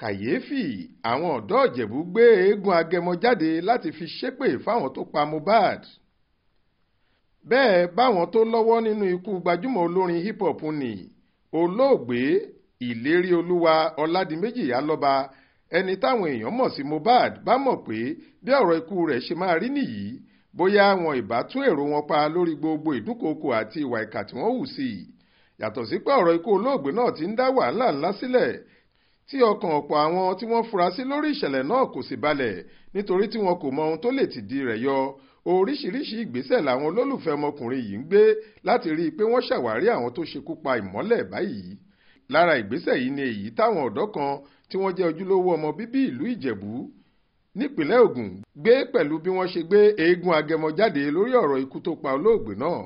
kàyééfì àwọn ọ̀dọ́ ìjẹ̀bú gbé eégún agẹmọ jáde láti fi ṣépè fáwọn tó pa Mohbad bẹ́ẹ̀ báwọn tó lọ́wọ́ nínú ikú gbajúmọ̀ olórin hip hop ni olóògbé ìlérí olúwa ọ̀làdìmẹ́jì alọ́ba ẹni táwọn èèyàn mọ̀ sí Mohbad bá mọ̀ pé bí ọ̀rọ̀ ikú rẹ̀ ṣe máa rí nìyí bóyá wọn ìbá tún èrò wọn pa lórí gbogbo ìdúnkookò àti ìwà ìkà tí wọ́n hù sí yàtọ̀ sí pé ọ̀rọ̀ ikú olóògbé náà ti ń dá wàhálà ńlá sílẹ̀ tí ọkàn ọ̀pọ̀ àwọn tí wọ́n fura sí lórí ìṣẹ̀lẹ̀ náà kò sì balẹ̀ nítorí tí wọn kò mọ ohun tó lè tìdí rẹ̀ yọ oríṣiríṣi ìgbésẹ̀ làwọn olólùfẹ́ ọmọkùnrin yìí ń gbé láti rí i pé wọ́n ṣàwárí àwọn tó ṣekú pa ìmọ́lẹ̀ báyìí lára ìgbésẹ̀ yìí ni èyí táwọn ọ̀dọ́ kan tí wọ́n jẹ́ ojúlówó ọmọ bíbí ìlú ìjẹ̀bú nípínlẹ̀ Ògùn gbé pẹ̀lú bí wọ́n ṣe gbé eégún agẹmọ jáde lórí ọ̀rọ̀ ikú tó pa olóògbé náà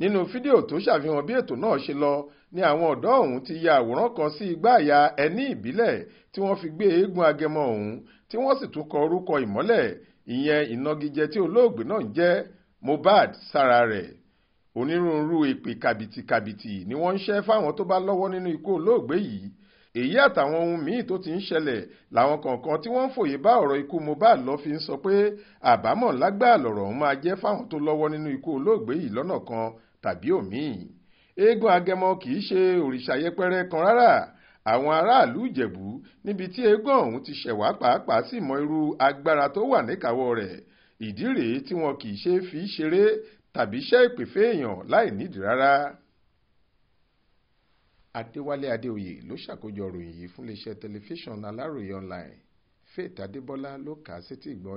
nínú fídíò tó ṣàfihàn bí ètò náà ṣe lọ ni àwọn ọ̀dọ́ ọ̀hún ti ya àwòrán kan sí igbá àyà ẹní ìbílẹ̀ tí wọ́n fi gbé eégún agẹmọ ọ̀hún tí wọ́n sì tún kọ orúkọ ìmọ́lẹ̀ ìyẹn ìnagijẹ tí olóògbé náà ń jẹ́ Mohbad sára rẹ̀ onírúurú ìpè kàbìtìkàbìtì ni wọ́n ń ṣẹ́ fáwọn tó bá lọ́wọ́ nínú ikú olóògbé yìí èyí àtàwọn ohun míì tó ti ń ṣẹlẹ̀ làwọn kọ̀ọ̀kan tí wọ́n ń fòye bá ọ̀rọ̀ ikú Mohbad lọ fi ń sọ pé àbámọ̀ lágbà lọ̀rọ̀ ọ̀hún máa jẹ́ fáwọn tó lọ́wọ́ nínú ikú olóògbé yìí lọ́nà kan tàbí òmíì eégún agẹmọ kì í ṣe òrìṣà yẹpẹrẹ kan rárá àwọn aráàlú Ìjẹ̀bú níbi tí eégún ọ̀hún ti ṣẹ̀wá pàápàá sì mọ irú agbára tó wà níkàáwọ́ rẹ̀ ìdí rèé tí wọn kì ṣe fi ṣeré tàbí ṣẹ́ ìpèfé èèyàn láì nídìí rárá adéwálé adéoyè ló ṣàkójọ ròyìn yìí fún iléeṣẹ́ tẹlifíṣàn aláròye online faith adébọlá ló kà á sétí ìgbọ́